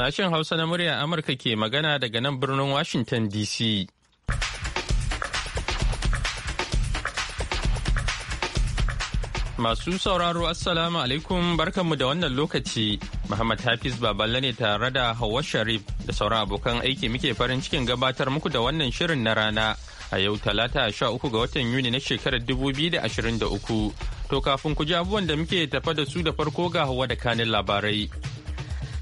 Sashen Hausa na murya Amurka ke magana daga nan birnin Washington DC. Masu sauraro Assalamu alaikum barkanmu da wannan lokaci. Muhammad Hafiz Baballe ne tare da Hauwa Sharif da sauran abokan aiki muke farin cikin gabatar muku da wannan shirin na rana a yau talata sha uku ga watan Yuni na shekarar dubu biyu da ashirin da uku. To kafin ku ji abubuwan da muke tafa da su da farko ga Hauwa da kanin labarai.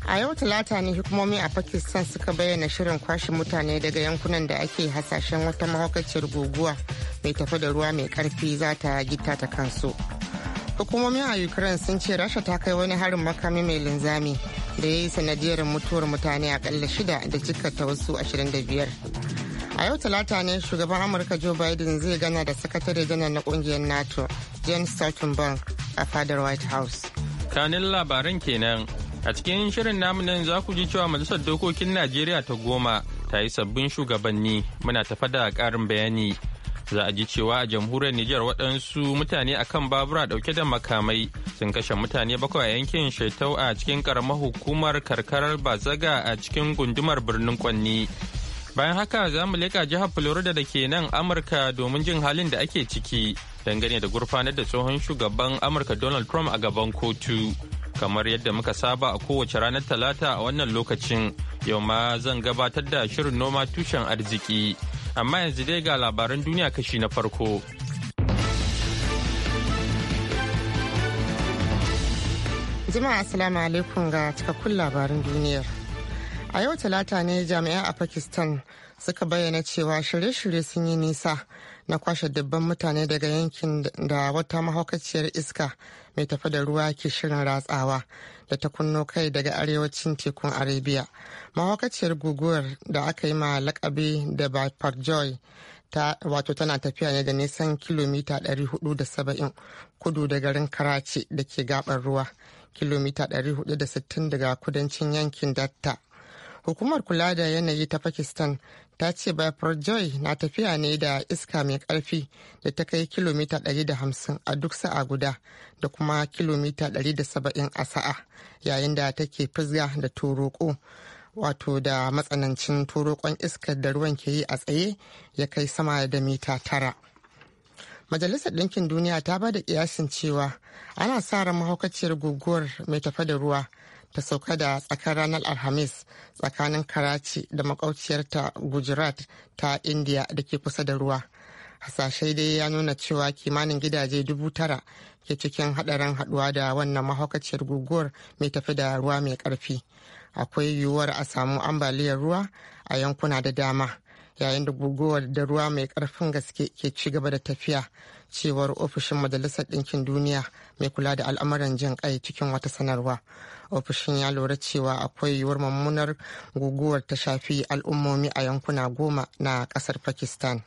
a yau talata ne hukumomi a pakistan suka bayyana shirin kwashe mutane daga yankunan da ake hasashen wata mahaukaciyar guguwa mai tafi da ruwa mai karfi za ta gita ta kansu hukumomi a ukraine sun ce rasha ta kai wani harin makami mai linzami da ya yi sanadiyar mutuwar mutane akalla shida da ta wasu 25 a yau talata ne shugaban amurka joe biden zai gana da sakatare janar na kungiyar nato jane stoltenberg a fadar white house kanin labaran kenan A cikin shirin namu nan za ku ji cewa Majalisar Dokokin Najeriya ta goma ta yi sabbin shugabanni muna tafa da ƙarin bayani. Za a ji cewa a jamhuriyar Nijar waɗansu mutane a kan babura ɗauke da makamai sun kashe mutane bakwai a yankin Shetau a cikin ƙaramar hukumar karkarar Bazaga a cikin gundumar birnin Kwanni. Bayan haka za mu leƙa jihar Florida da ke nan Amurka domin jin halin da ake ciki dangane da gurfanar da tsohon shugaban Amurka Donald Trump a gaban kotu. kamar yadda muka saba a kowace ranar talata a wannan lokacin yau ma zan gabatar da shirin noma tushen arziki amma yanzu dai ga labaran duniya kashi na farko jima'a assalamu alaikum ga cikakkun labarin duniyar a yau talata ne jami'a a pakistan suka bayyana cewa shirye-shirye sun yi nisa na kwashe dubban mutane daga yankin da wata mahaukaciyar iska mai tafa da ruwa ke shirin ratsawa da ta kunno kai daga arewacin tekun arabia mawakaciyar guguwar da aka yi ma lakabi da bipar joy ta wato tana tafiya ne da nisan kilomita 470 kudu da garin karachi da ke gabar ruwa kilomita 460 daga kudancin yankin datta hukumar kula da yanayi ta pakistan ta ce Biafra Joy na tafiya ne da iska mai ƙarfi da ta kai kilomita 150 a duk sa'a guda da kuma kilomita 170 a sa'a yayin da take fizga da turoko wato da matsanancin turokon iskar da ruwan ke yi a tsaye ya kai sama da mita tara. Majalisar Ɗinkin Duniya ta ba da kiyasin cewa ana sa ran mahaukaciyar guguwar mai tafa da ruwa ta sauka da tsakar ranar alhamis tsakanin karachi da makauciyarta gujarat ta indiya da ke kusa da ruwa hasashe dai ya nuna cewa kimanin gidaje dubu tara ke cikin hadarin haduwa da wannan mahaukaciyar guguwar mai tafi da ruwa mai karfi akwai yiwuwar a samu ambaliyar ruwa a yankuna da dama yayin da guguwar da ruwa mai karfin gaske ke ci gaba da tafiya cewar ofishin majalisar ɗinkin duniya mai kula da al'amuran jin kai cikin wata sanarwa ofishin ya lura cewa akwai yiwuwar mummunar guguwar ta shafi al'ummomi a yankuna goma na kasar pakistan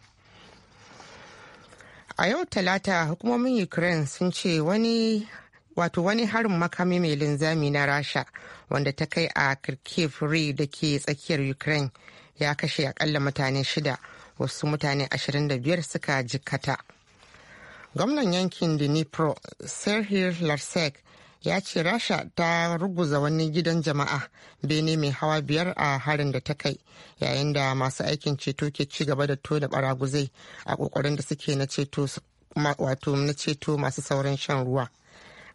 a yau talata hukumomin ukraine sun ce wani wato wani harin makami mai linzami na rasha wanda ta kai a kirkif re da ke tsakiyar ukraine ya kashe akalla mutane shida wasu mutane 25 suka jikkata gwamnan yankin dnipro serhiy larsek ya ce rasha ta ruguza wani gidan jama'a bene mai hawa biyar a harin da ta kai yayin da masu aikin ceto ke ci gaba da tona baraguzai a kokarin da suke na ceto masu sauran shan ruwa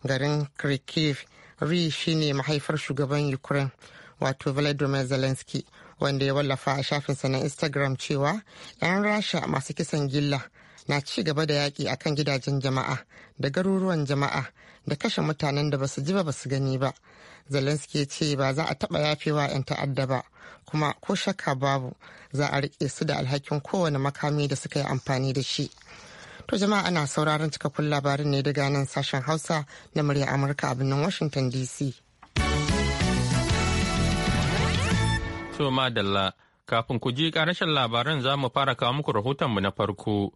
garin kirkiv ri shine mahaifar shugaban ukraine wato vladimir zelensky wanda ya wallafa a shafinsa na instagram cewa 'yan rasha masu kisan gilla na ci gaba da yaƙi a kan gidajen jama'a da garuruwan jama'a da kashe mutanen da ba su ji ba su gani ba zelensky ce ba za a taɓa yafewa 'yan ta'adda ba kuma ko shakka babu za a riƙe su da alhakin kowane makami da suka yi amfani da shi to jama'a ana sauraron cikakkun labarin ne daga nan sashen hausa na murya amurka a birnin washington dc to madalla kafin ku ji ƙarashin labaran za mu fara kawo muku rahotonmu na farko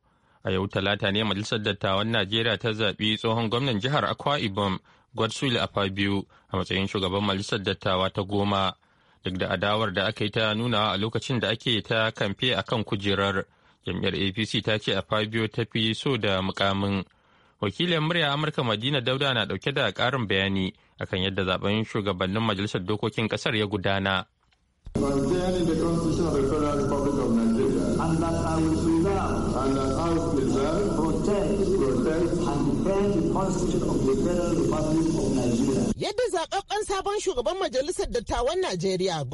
a yau talata ne majalisar dattawan najeriya ta zaɓi tsohon gwamnan jihar akwa ibom godswill afabiu a matsayin shugaban majalisar dattawa ta goma duk da adawar da aka yi ta nunawa a lokacin da ake ta kamfe a kan kujerar jam'iyyar apc ta ce fabio ta fi so da mukamin wakilin murya amurka madina dauda na ɗauke da ƙarin bayani akan yadda zaben shugabannin majalisar dokokin ƙasar ya gudana. yadda zaɓaɓɓen sabon shugaban majalisar dattawan Najeriya a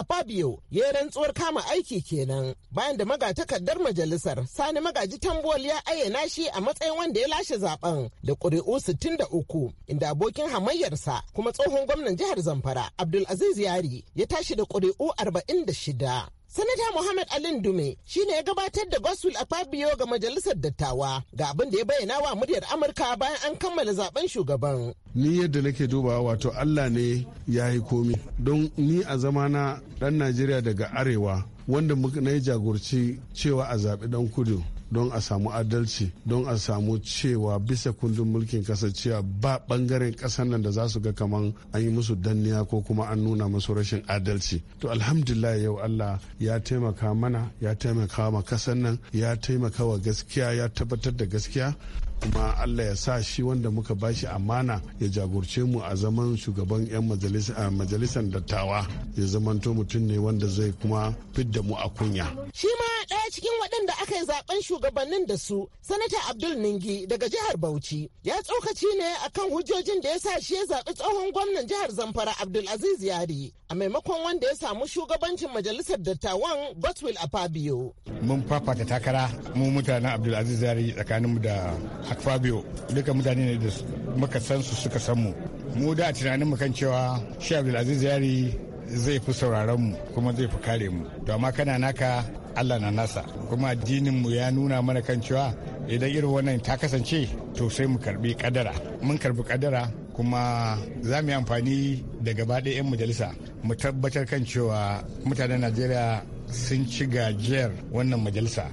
Akpabio ya yi rantsuwar kama aiki kenan bayan da magatakardar majalisar Sani Magaji Tambuwal ya ayyana shi a matsayin wanda ya lashe zaben da ƙuri'u 63 inda abokin hamayyarsa kuma tsohon gwamnan jihar Zamfara Abdul Aziz Yari ya tashi da ƙuri'u 46. Sanata Muhammad Alin Dume shi ne ya gabatar da gospel a Fabio ga majalisar dattawa ga abin da ya bayyana wa muryar Amurka bayan an kammala zaben shugaban. Ni yadda nake duba wato Allah ne ya yi komi don ni a zamana ɗan Najeriya daga Arewa wanda na yi jagorci cewa a zaɓi ɗan kudu. don a samu adalci don a samu cewa bisa kundin mulkin kasancewa ba bangaren kasan nan da za su ga kaman an yi musu danniya ko kuma an nuna musu rashin adalci to alhamdulillah yau allah ya taimaka mana ya taimaka ma kasan nan ya taimaka wa gaskiya ya tabbatar da gaskiya kuma allah ya sa shi wanda muka bashi amana ya jagorce mu a zaman shugaban 'yan majalisar dattawa ya zamanto mutum ne wanda zai kuma fidda mu a kunya shi ma ɗaya cikin waɗanda aka yi zaben shugabannin da su sanata abdul ningi daga jihar bauchi ya tsokaci ne a kan hujjojin da ya sa shi ya zaɓi tsohon gwamnan jihar zamfara abdul aziz yari a maimakon wanda ya samu shugabancin majalisar dattawan goswell a fabio mun fafata takara mu mutanen Aziz yari tsakaninmu da akfabio duka mutane ne da muka san su suka san mu mu da tunanin mu kan cewa shi abdulaziz yari zai fi sauraron mu kuma zai fi kare mu to amma kana naka allah na nasa kuma addinin mu ya nuna mana kan cewa idan irin wannan ta kasance to sai mu karbi kadara mun karbi kadara kuma za mu yi amfani da gaba ɗaya 'yan majalisa mu tabbatar kan cewa mutanen najeriya sun ci gajiyar wannan majalisa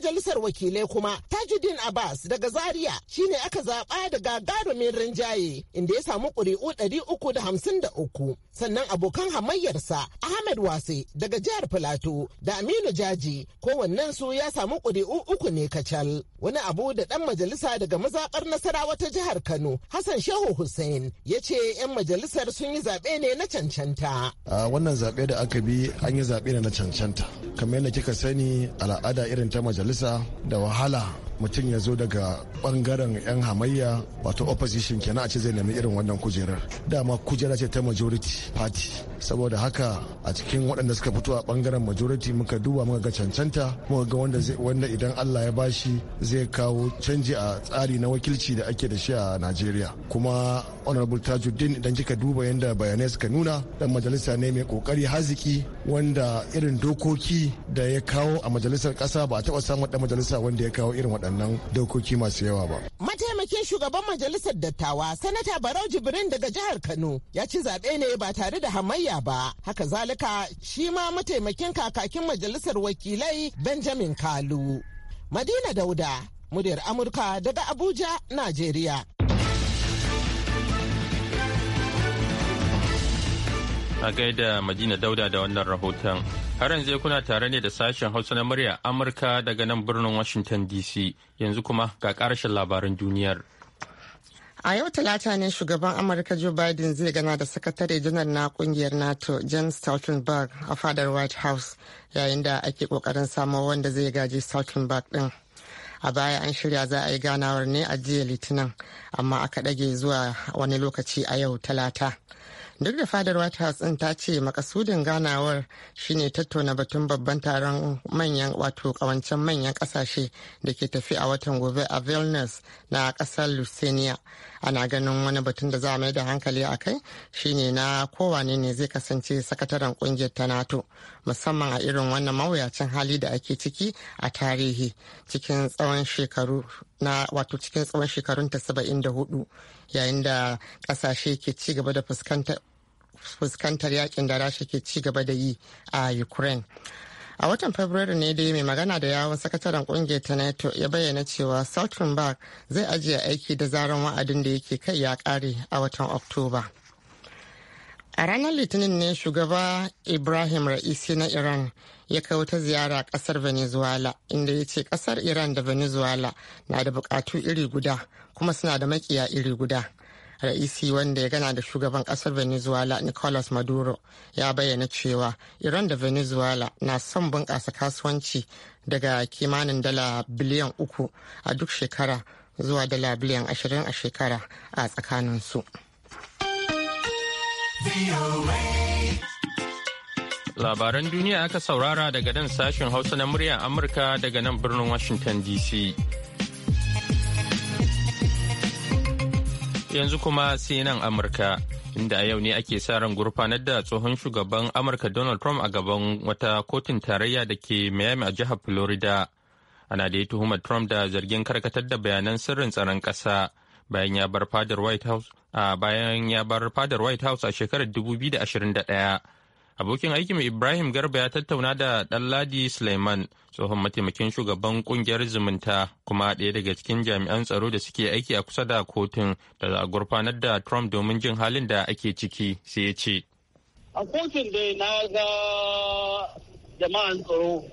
majalisar wakilai kuma Tajuddin Abbas daga Zaria shine aka zaba da gagarumin rinjaye inda ya samu ƙuri'u 353 sannan abokan hamayyarsa Ahmed Wase daga jihar Filato da Aminu Jaji kowannen su ya samu ƙuri'u uku ne kacal. Wani abu da ɗan majalisa daga mazaɓar nasara wata jihar Kano Hassan Shehu Hussein ya ce 'yan majalisar sun yi zaɓe ne na cancanta. wannan zaɓe da aka bi an yi zaɓe ne na cancanta. Kamar yadda kika sani al'ada irin ta majalisa majalisa da wahala mutum ya zo daga bangaren 'yan hamayya wato opposition kenan a ce zai nemi irin wannan kujerar dama kujera ce ta majority party saboda haka a cikin waɗanda suka fito a bangaren majority muka duba muka ga cancanta muka ga wanda idan allah ya bashi zai kawo canji a tsari na wakilci da ake da shi a najeriya kuma honorable tajuddin idan kika duba yadda bayanai suka nuna dan majalisa ne mai kokari haziki wanda irin dokoki da ya kawo a majalisar kasa ba a taɓa samun dan majalisa wanda ya kawo irin waɗannan waɗannan dokoki masu yawa ba. Mataimakin shugaban majalisar dattawa sanata Barau Jibrin daga jihar Kano ya ci zaɓe ne ba tare da hamayya ba. Haka zalika shi ma mataimakin kakakin majalisar wakilai Benjamin Kalu. Madina Dauda, muryar Amurka daga Abuja, Najeriya. A gaida Madina Dauda da wannan rahoton. Har yanzu kuna tare ne da sashen Hausa na murya Amurka daga nan birnin Washington DC yanzu kuma ga ƙarshen labaran duniyar. A yau talata ne shugaban Amurka Joe Biden zai gana da sakatare janar na kungiyar NATO James Stoltenberg a fadar White House yayin da ake kokarin samo wanda zai gaji Stoltenberg din. A baya an shirya za a yi ganawar ne a jiya litinin amma aka ɗage zuwa wani lokaci a yau talata. duk da fadar white house ta ce makasudin ganawar shine tattauna batun babban taron manyan wato kawancen manyan kasashe da ke tafi a watan gobe a vilnius na ƙasar lusenia ana ganin wani batun da za a mai da hankali a kai shine na kowane ne zai kasance sakataren kungiyar ta nato musamman a irin wannan mawuyacin hali da ake ciki a tarihi cikin tsawon shekaru na wato cikin tsawon shekarun ta 74 yayin da kasashe ke ci gaba da fuskantar fuskantar yakin da rasha ke ci gaba da yi a ukraine a watan fabrairu ne dai mai magana da yawon sakataren kungiyar ta nato ya bayyana cewa saltenberg zai ajiye aiki da zaren wa'adin da yake kai ya kare a watan oktoba a ranar litinin ne shugaba ibrahim ra'isi na iran ya kawo ta ziyara a kasar venezuela inda ya ce kasar iran da venezuela na da bukatu iri guda kuma suna da makiya iri guda Raisi wanda ya gana da shugaban kasar Venezuela Nicolas Maduro ya bayyana cewa Iran da Venezuela na son bunƙasa kasuwanci daga kimanin dala biliyan uku a duk shekara zuwa dala biliyan ashirin a shekara a tsakanin su. Labaran duniya aka saurara daga nan sashen Hausa na muryar Amurka daga nan birnin Washington DC. yanzu kuma sai amurka inda a yau ne ake sa ran gurfanar da tsohon shugaban amurka donald trump a gaban wata kotun tarayya da ke miami a jihar florida ana da ya tuhumar trump da zargin karkatar da bayanan sirrin tsaron ƙasa a bayan ya bar fadar white house a shekarar 2021 Abokin aikin Ibrahim Garba ya tattauna da Ɗanladi Suleiman, tsohon mataimakin shugaban kungiyar zumunta kuma ɗaya daga cikin jami'an tsaro da suke aiki a kusa da kotun da za a gurfanar da Trump domin jin halin da ake ciki sai ya ce. A kotun dai na ga jama'an tsaro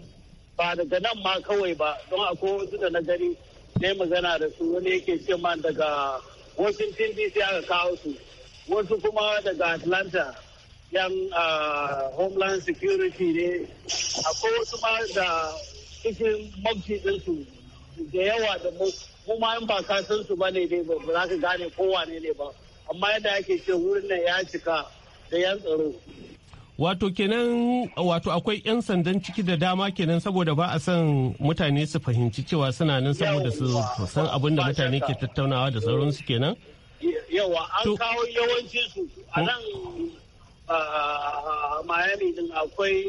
ba daga nan ma kawai ba don akwai wasu da na gari ne magana da su wani yake ce daga Washington DC aka kawo su wasu kuma daga Atlanta yan ah, homeland security ne akwai wasu ma da cikin mafi ɗinsu da yawa da mu ma in ba san su ba ne dai ba za ka gane kowa ne ne ba amma yadda ake ce wurin nan ya cika da yan tsaro wato kenan wato akwai 'yan sandan ciki da dama kenan saboda ba a son mutane su fahimci cewa suna nan saboda su san abin da mutane ke tattaunawa da sauransu kenan yawa an kawo yawancinsu a nan Miami din akwai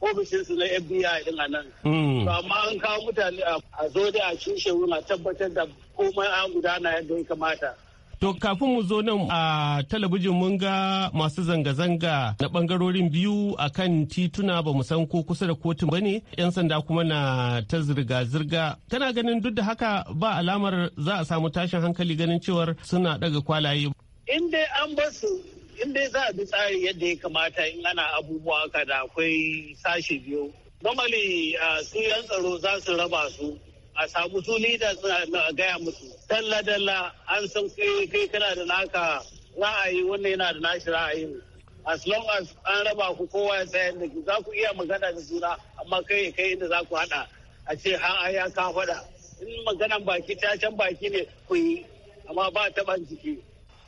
ofishinsu na FBI din a nan. Hmm. Amma an kawo mutane a zo da a cushe a tabbatar da komai an gudana yadda ya kamata. To kafin mu zo nan a talabijin mun ga masu zanga-zanga na bangarorin biyu a kan tituna ba san ko kusa da kotun ba ne, 'yan sanda kuma na ta zirga-zirga. Tana ganin duk da haka ba alamar za a samu tashin hankali ganin cewar suna daga kwalaye. In dai an basu in dai za a bi tsari yadda ya kamata in ana abubuwa ka da akwai sashe biyu normally uh, su yan tsaro za su raba su a samu su da a gaya musu dalla dalla an san kai kana da naka ra'ayi wanda yana da nashi ra'ayin as long as an raba ku kowa ya tsayar da za ku iya magana da juna amma kai kai inda za ku hada a ce ha ya ka faɗa in maganan baki ta can baki ne ku yi amma ba ban jiki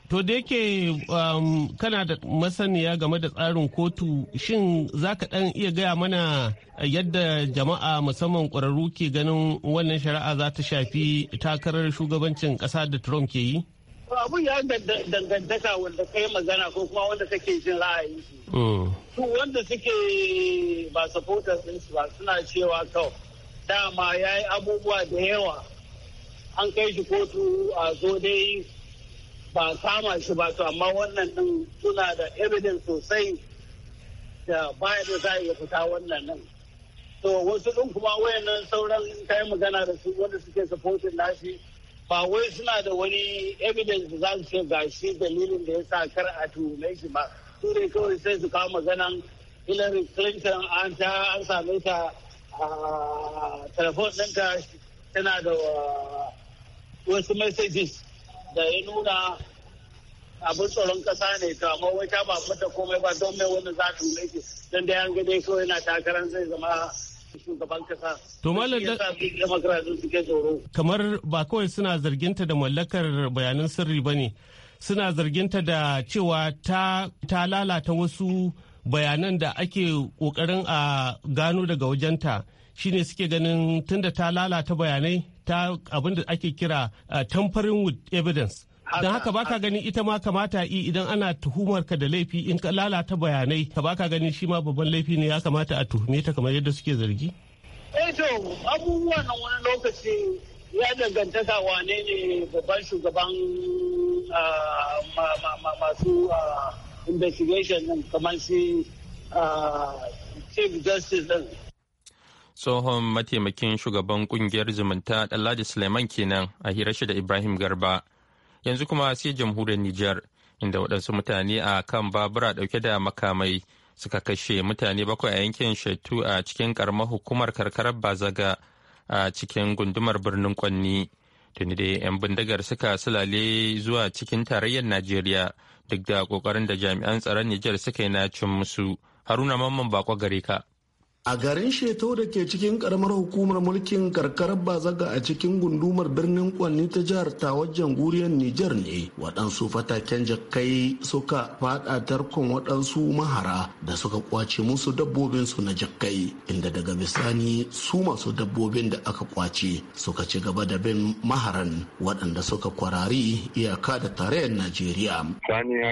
To da yake um, kana da masaniya game da tsarin kotu shin za ka ɗan iya gaya mana yadda jama'a musamman ƙwararru ke ganin wannan shari'a za ta shafi takarar shugabancin ƙasa da Trump ke yi? Abun ya dangantaka wanda ka yi magana ko kuma wanda ke jin ra'ayi. Mm. Su wanda suke ba supporters ba suna cewa kawai dama ya yi abubuwa da yawa an kai shi kotu a zo dai ba kama shi ba to amma wannan din suna da evidence sosai da baya da za iya fita wannan nan to wasu din kuma wayannan sauran kai magana da su wanda suke supporting nashi ba wai suna da wani evidence za su ce ga shi dalilin da ya sa kar a tuhume shi ba su ne kawai sai su kawo maganan Hillary Clinton an ta an same ta a telefon ɗinta tana da uh, wasu messages da ya nuna abin tsaron kasa ne to amma wai ta ba fita komai ba don mai wani za ta mulki don da yan gade kawai yana takarar zai zama shugaban kasa. To malam da kamar ba kawai suna zarginta da mallakar bayanan sirri ba ne suna zarginta da cewa ta ta lalata wasu bayanan da ake kokarin a gano daga wajenta shine suke ganin tunda ta lalata bayanai ta abin da ake kira uh, tamfarin with evidence don haka baka gani ita ma kamata yi idan ana tuhumar ka da laifi in ka lalata bayanai ka baka gani shi ma babban laifi ne ya kamata a tuhume ta kamar yadda suke zargi eto eh, to abubuwa nan wani lokaci ya danganta ka wane ne babban shugaban uh, masu uh, investigation kamar shi chief justice din tsohon mataimakin shugaban kungiyar zumunta Ɗanladi Suleiman kenan a hirashi da Ibrahim Garba. Yanzu kuma sai jamhuriyar Nijar, inda waɗansu mutane a kan babura ɗauke da makamai suka kashe mutane bakwai a yankin Shetu a cikin ƙaramar hukumar karkarar Bazaga a cikin gundumar birnin Kwanni. Tuni dai 'yan bindigar suka sulale zuwa cikin tarayyar Najeriya duk da ƙoƙarin da jami'an tsaron Nijar suka yi na cin musu. Haruna Mamman Bako gare ka. a garin shetau da ke cikin karamar hukumar mulkin karkarar bazaga a cikin gundumar birnin kwanni ta jihar ta wajen guriyar nijar ne waɗansu fataken jakai suka fada tarkon waɗansu mahara da suka kwace musu dabbobinsu na jakai inda daga bisani su masu dabbobin da aka kwace suka ci gaba da bin maharan waɗanda suka kwarari iyaka da tarayyar najeriya sani ya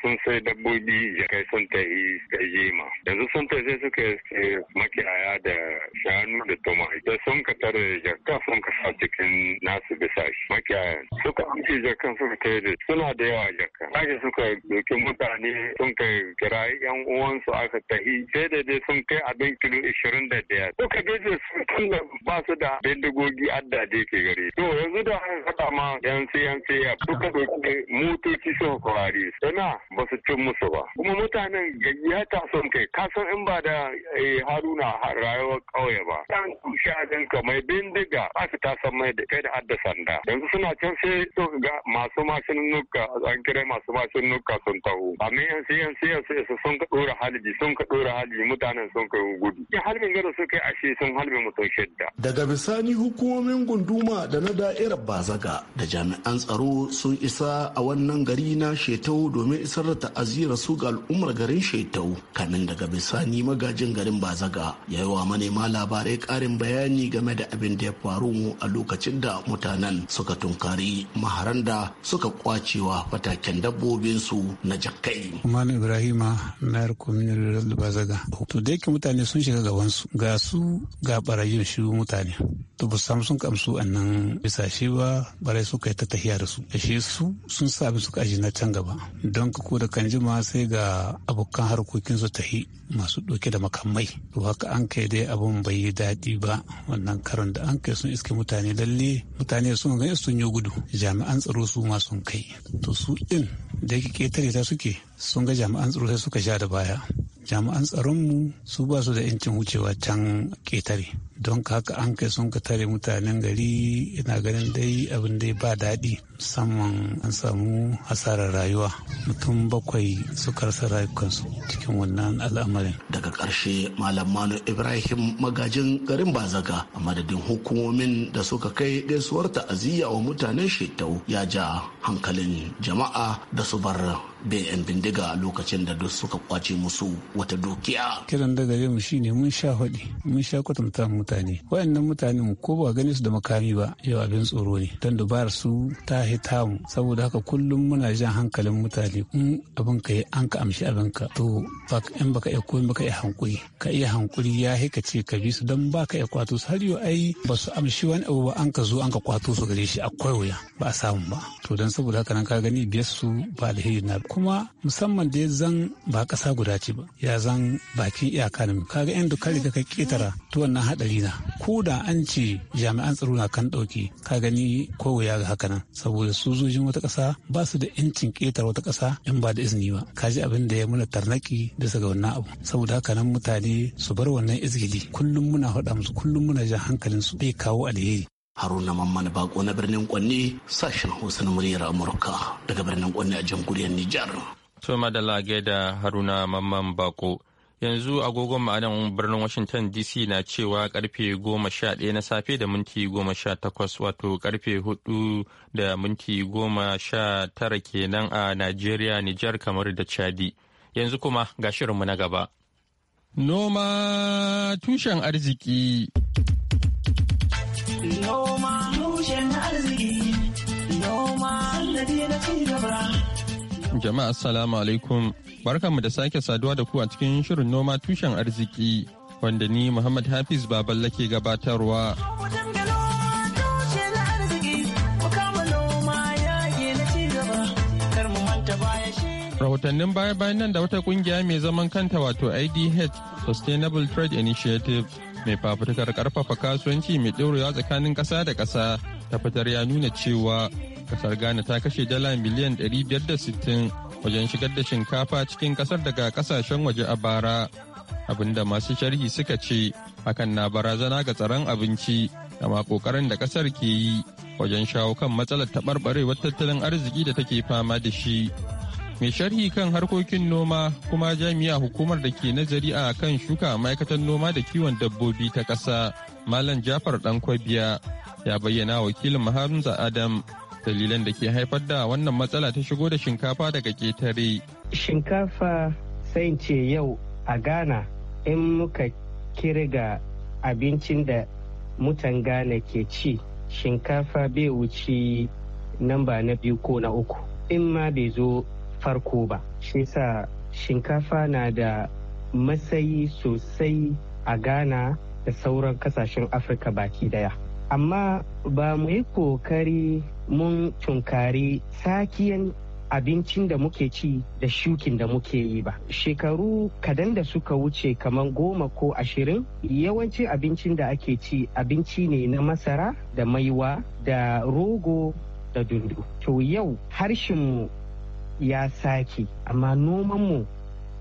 sun sai dabbobi jakai sun tafi jema yanzu sun sai suka suka makiyaya da shanu da tomai da sun ka tare jaka sun ka sa cikin nasu bisa shi makiyayan suka amce jakan suka kai da suna da yawa jaka kaji suka doki mutane sun ka kira yan uwansu aka tahi sai da dai sun kai abin kilo ishirin da daya suka gaje tun da ba su da bindigogi adda da ke gare to yanzu da an haɗa ma yan siyan siya suka doki motoci sun kwari sana ba su cin musu ba kuma mutanen gayyata sun kai kasan in ba da Eh, haruna rayuwar kauye ba dan tushe ka mai bindiga ba su ta san mai da kai da hadda sanda yanzu suna can sai so ga masu mashin nuka an kira masu mashin nuka sun taho amma yan siyan siyan sun ka dora haliji sun ka dora haliji mutanen sun kai gudu ya halbin gado suka a ashe sun halbe mutum shidda daga bisani hukumomin gunduma da na da'irar bazaga da jami'an tsaro sun isa a wannan gari na shetau domin isar da ta'azira su ga al'ummar garin shetau kamin daga bisani magaji jin garin Bazaga ya yi wa manema labarai ƙarin bayani game da abin da ya faru a lokacin da mutanen suka tunkari maharan da suka kwacewa fataken dabbobinsu na jakai Umar Ibrahima na Bazaga. To da yake mutane sun shiga gabansu ga su ga barayin shi mutane. to ba samu sun kamsu nan bisa shi ba barai suka yi ta tahiya da su ashe su sun sa abin suka aji na can gaba don ko da kan jima sai ga abokan harkokin su tahi masu ɗauke da makamai to haka an kai dai abin bai yi daɗi ba wannan karon da an kai sun iske mutane lalle mutane sun ga sun yi gudu jami'an tsaro su ma sun kai to su ɗin da yake ketare ta suke sun ga jami'an tsaro sai suka sha da baya jami'an tsaronmu su ba su da yancin wucewa can ƙetare don haka an kai sun ka tare mutanen gari ina ganin dai abin dai ba daɗi musamman an samu hasarar rayuwa mutum bakwai suka rasa rayukansu cikin wannan al'amarin daga ƙarshe malam manu ibrahim magajin garin bazaga a madadin hukumomin da suka kai gaisuwar ta'aziyya wa mutanen shetau ya ja hankalin jama'a da su bar bayan bindiga lokacin da duk suka kwace musu wata dukiya. Kiran da gare mu shine mun sha hudi mun sha kwatanta mutane. Wayannan mutanen ko ba gani su da makami ba yau abin tsoro ne. Dan ba su ta wallahi tamu saboda haka kullum muna jan hankalin mutane in abin ka yi an ka amshi abin ka to in baka iya komai baka iya hankuri ka iya hankuri ya hi ka ce ka bi su don ba ka iya kwato su har yau ai ba su amshi wani abu ba an ka zo an ka kwato su gare shi akwai wuya ba a samu ba to don saboda haka nan ka gani biyar su ba alheri na kuma musamman da ya zan ba kasa guda ce ba ya zan bakin iyaka ne ga yan dukkan ka ketara to wannan hadari na ko da an ce jami'an tsaro na kan dauke ka gani ko wuya ga haka nan saboda sojojin wata ƙasa ba su da 'yancin ƙetar wata ƙasa in ba da izini ba kaji abin da ya muna tarnaki bisa ga wannan abu saboda haka nan mutane su bar wannan izgili kullum muna faɗa musu kullum muna jan su bai kawo alheri haruna mamman bako na birnin kwanne sashen hausa na muryar amurka daga birnin kwanne a jamhuriyar nijar to madalla da haruna mamman bako yanzu agogon ma'anan birnin washington dc na cewa karfe goma sha ɗaya na safe da minti goma sha takwas wato karfe hudu da minti goma sha tara kenan a nigeria nijar kamar da chadi yanzu kuma ga shirinmu na gaba noma tushen arziki noma tushen arziki noma na Jama'a salamu alaikum barkanmu da sake saduwa da ku a cikin shirin noma tushen arziki wanda ni Muhammad Hafiz Baballa ke gabatarwa. Rahotannin baya-bayan nan da wata kungiya mai zaman kanta wato IDH Sustainable Trade Initiative mai fafutukar karfafa kasuwanci mai ɗorewa tsakanin ƙasa da ƙasa ta fitar ya nuna cewa kasar ghana ta kashe dala miliyan 560 wajen shigar da shinkafa cikin kasar daga kasashen waje a bara abinda masu sharhi suka ce hakan na barazana ga tsaron abinci da ma kokarin da kasar ke yi wajen shawo kan matsalar taɓarɓarewar tattalin arziki da take fama da shi mai sharhi kan harkokin noma kuma jami'a hukumar da ke nazari a kan shuka ma'aikatan noma da kiwon dabbobi ta ƙasa malam jafar kwabiya ya bayyana wakilin mahamza adam dalilan da ke haifar da wannan matsala ta shigo da shinkafa daga ketare. Shinkafa sai ce yau a Ghana in muka kirga abincin da mutan Ghana ke ci shinkafa bai wuce namba na biyu ko na uku in ma bai zo farko ba. Shi sa shinkafa na da matsayi sosai a Ghana da sauran kasashen Afirka baki daya. amma ba mu yi kokari mun tunkari sakiyan abincin da muke ci da shukin da muke yi ba. Shekaru kadan da suka wuce kamar goma ko ashirin yawancin abincin da ake ci abinci ne na masara da maiwa da rogo da dundu. To yau harshenmu ya sake amma nomanmu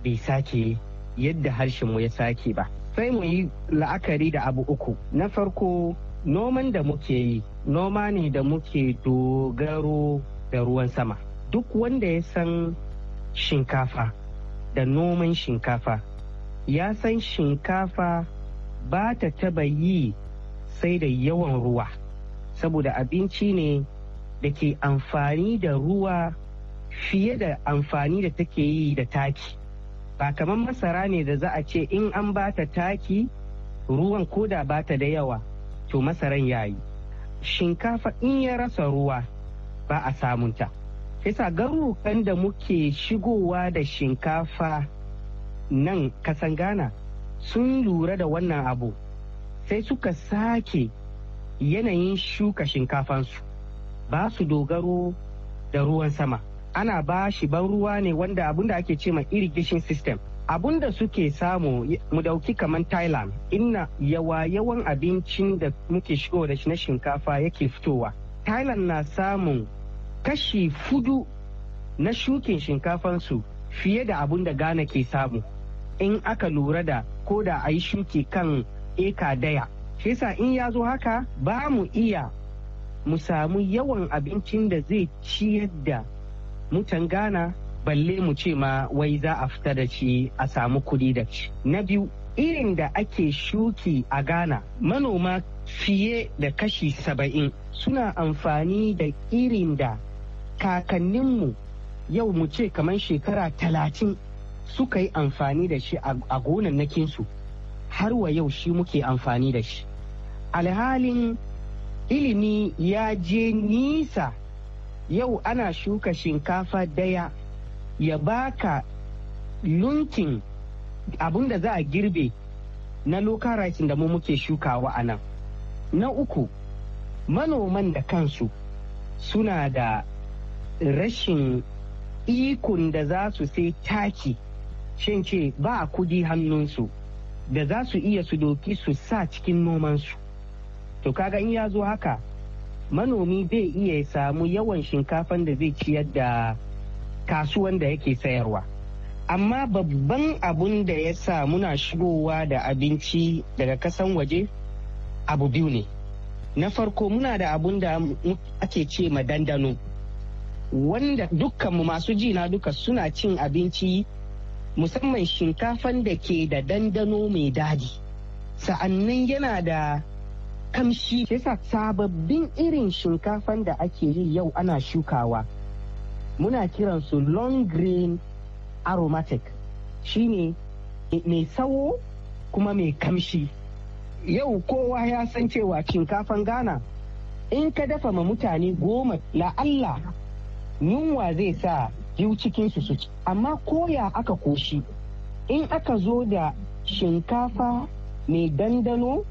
bai sake yadda harshenmu ya sake ba. Sai mu yi la'akari da abu uku. Na farko noman da muke yi noma ne da muke dogaro da ruwan sama duk wanda ya san shinkafa da noman shinkafa ya san shinkafa ba ta taba yi sai da yawan ruwa saboda abinci ne da ke amfani da ruwa fiye da amfani da take yi da taki ba kamar masara ne da za a ce in an ba ta taki ruwan koda ba ta da yawa to masaran ya yi shinkafa in ya rasa ruwa ba a samunta isa garurukan da muke shigowa da shinkafa nan kasan ghana sun lura da wannan abu sai suka sake yanayin shuka shinkafansu ba su dogaro da ruwan sama ana ba shi ban ruwa ne wanda abinda ake ce ma irrigation system abun da suke samu mu dauki kamar thailand inna yawa yawan abincin da muke shigo da shi na shinkafa yake fitowa thailand na samun kashi fudu na shukin shinkafansu fiye da abun da ghana ke samu in aka lura da ko da a yi shuki kan eka daya shesa in ya zo haka ba mu iya mu samu yawan abincin da zai ciyar da mutan ghana balle mu ce ma wai za a fita da shi a samu kuɗi da shi na biyu irin da ake shuki a ghana manoma fiye da kashi saba'in suna amfani da irin da kakanninmu yau mu ce kamar shekara talatin suka yi amfani da shi a gonannakinsu har wa yau shi muke amfani da shi alhalin ilimi ya je nisa yau ana shuka shinkafa daya ya baka lunkin abun da za a girbe na local rice da mu muke shukawa a nan na uku manoman da kansu suna da rashin ikon da za su sai taki shin ce ba kudi hannunsu da za su iya su doki su sa cikin nomansu to kaga in ya zo haka manomi bai iya samu yawan shinkafan da zai ciyar da kasuwan da yake sayarwa amma babban abun da ya sa muna shigowa da abinci daga kasan waje abu biyu ne na farko muna da abun da ake ce ma dandano wanda dukkanmu masu jina duka suna cin abinci musamman shinkafan da ke da dandano mai daji sa'annan yana da kamshi yasa sababbin irin shinkafan da ake yi yau ana shukawa muna kiransu long green aromatic shine mai tsawo kuma mai kamshi yau kowa ya san cewa shinkafan ghana in ka dafa ma mutane goma la'alla yunwa zai sa biyu cikinsu su ci amma koya aka koshi in aka zo da shinkafa mai dandano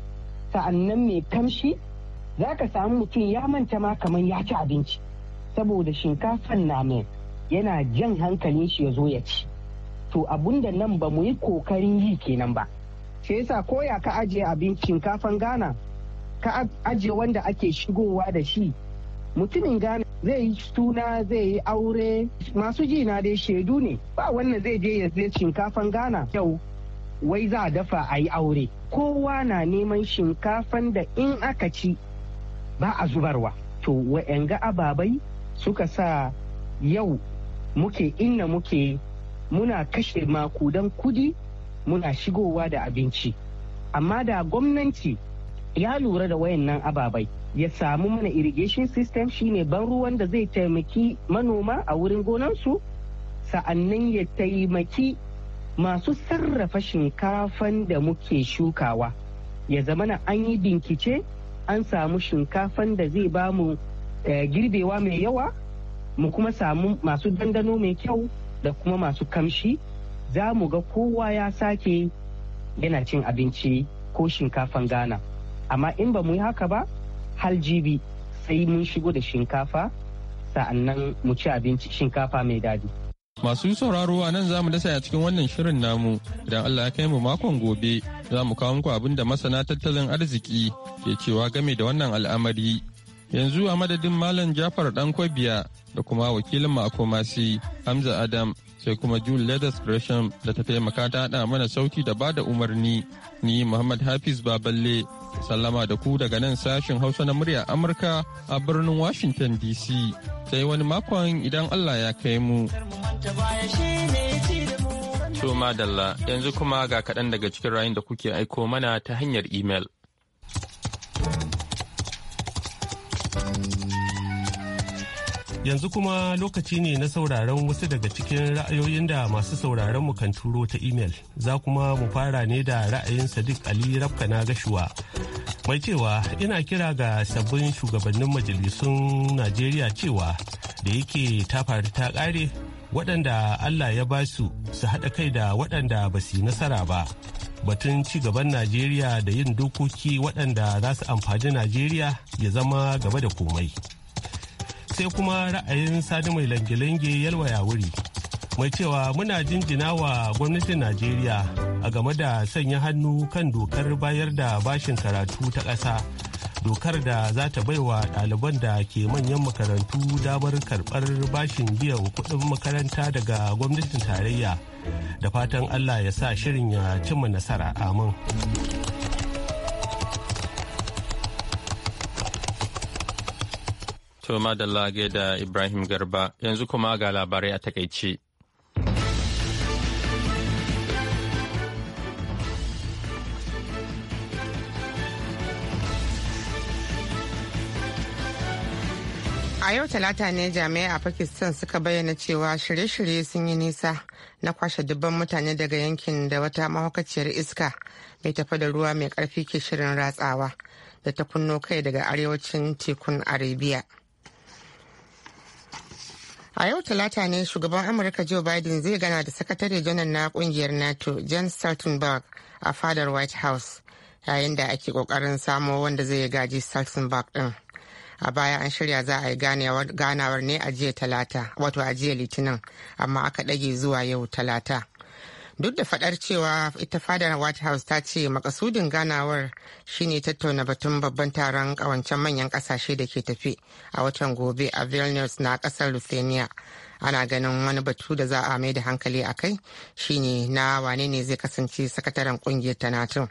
sa'annan mai kamshi za ka samu mutum ya manta ma kamar ya ci abinci saboda shinkafan namet yana jan hankalin shi ya zo ya ci to abun da nan ba mu yi kokarin yi kenan ba sai yasa koya ka ajiye abin shinkafan gana ka ajiye wanda ake shigowa da shi mutumin gana. zai yi suna zai yi aure masu ji na dai shaidu ne ba wannan zai je ya zai shinkafan gana. yau wai za a dafa a yi aure kowa na neman shinkafan da in aka ci ba a zubarwa to wa'yan ga ababai suka sa yau muke inna muke muna kashe makudan kudi muna shigowa da abinci amma da gwamnati ya lura da wayannan ababai ya samu mana irrigation system shine ban ruwan da zai taimaki manoma a wurin gonansu sa'annan ya taimaki masu sarrafa shinkafan da muke shukawa ya zamana an yi binkice an samu shinkafan da zai bamu Eh, girbewa mai yawa mu kuma samu masu dandano mai kyau da kuma masu kamshi za mu ga kowa ya sake yana cin abinci ko shinkafan gana amma in ba mu yi haka ba hal jibi sai mun shigo da shinkafa sa'annan mu ci abinci shinkafa mai daɗi. Masu sauraro a nan za mu dasa a cikin wannan shirin namu idan Allah ya kai mu makon gobe za mu kawo muku abinda da masana tattalin arziki ke cewa game da wannan al'amari yanzu a madadin malam jafar dan kwabiya da kuma wakilin makomasi hamza adam sai kuma jul ladas gresham da ta taimaka ta haɗa mana sauti da bada umarni ni muhammad hafiz baballe sallama da ku daga nan sashin hausa na murya amurka a birnin washington dc sai wani makon idan allah ya kai mu to yanzu kuma ga kaɗan daga cikin rayun da kuke aiko mana ta hanyar imel. Yanzu kuma lokaci ne na sauraron wasu daga cikin ra'ayoyin da masu sauraron mu kan turo ta imel. Za kuma mu fara ne da ra'ayin Sadiq Ali na Gashuwa. Mai cewa ina kira ga sabbin shugabannin majalisun Najeriya cewa da yake ta faru ta ƙare waɗanda Allah ya ba su su haɗa kai da waɗanda ba su yi nasara ba. batun ci gaban Najeriya da yin dokoki waɗanda za su amfani Najeriya ya zama gaba da komai. sai kuma ra'ayin sadi mai langilange yalwaya wuri mai cewa muna jinjina wa gwamnatin najeriya a game da sanya hannu kan dokar bayar da bashin karatu ta ƙasa dokar da za ta baiwa ɗaliban da ke manyan makarantu damar karɓar bashin biyan kuɗin makaranta daga gwamnatin tarayya da fatan allah ya sa shirin ya cimma nasara amin. To madalla da Ibrahim Garba yanzu kuma ga labarai a takaice. a yau talata ne jami'ai a pakistan suka bayyana cewa shirye-shirye sun yi nisa na kwashe dubban mutane daga yankin da wata mahaukaciyar iska mai tafa da ruwa mai karfi ke shirin ratsawa da ta kunno kai daga arewacin tekun arabia A yau talata ne shugaban Amurka Joe Biden zai gana da sakatare janar na kungiyar NATO John Stoltenberg a fadar White House yayin da ake kokarin samo wanda zai gaji Stoltenberg din. A baya an shirya za a yi ganawar ne a jiya talata, wato a jiya litinin, amma aka ɗage zuwa yau talata. duk da fadar cewa ita fadar white house ta ce makasudin ganawar shine tattauna batun babban taron kawancen manyan kasashe da ke tafi a watan gobe a vilnius na kasar lithuania ana ganin wani batu da za a mai da hankali a kai shine na wane ne zai kasance sakataren kungiyar ta nato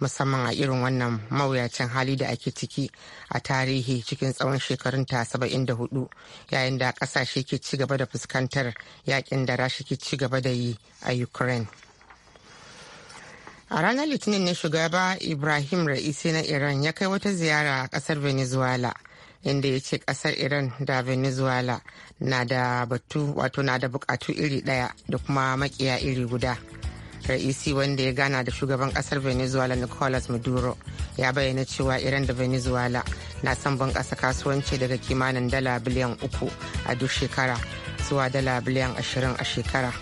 musamman a irin wannan mawuyacin hali da ake ciki a tarihi cikin tsawon shekarun ta saba'in da hudu yayin da kasashe ke ci gaba da fuskantar yakin da rashi ke ci gaba da yi a ukraine a ranar litinin ne shugaba ibrahim ra'isi na iran ya kai wata ziyara a kasar venezuela inda ya ce kasar iran da venezuela na da batu wato na da bukatu iri daya da kuma makiya iri guda raisi e wanda ya gana da shugaban kasar venezuela nicolas maduro ya bayyana cewa iran da venezuela na son bunƙasa kasuwanci daga kimanin dala biliyan uku a duk shekara zuwa dala biliyan ashirin a shekara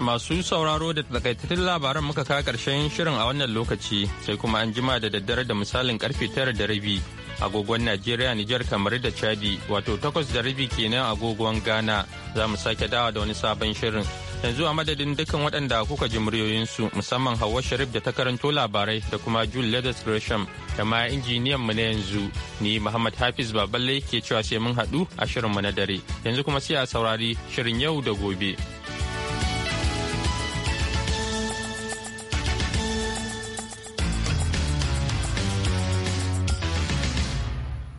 masu sauraro da takaitattun labaran muka kawo karshen shirin a wannan lokaci sai kuma an jima da daddare da misalin karfe tara da rabi agogon najeriya nijar kamar da chadi wato takwas da rabi kenan agogon ghana za mu sake dawa da wani sabon shirin yanzu a madadin dukkan waɗanda kuka ji muryoyinsu musamman hawa sharif da ta karanto labarai da kuma jule ladis gresham da ma injiniyan mu na yanzu ni muhammad hafiz baballe ke cewa sai mun haɗu a shirin mu na dare yanzu kuma sai a saurari shirin yau da gobe.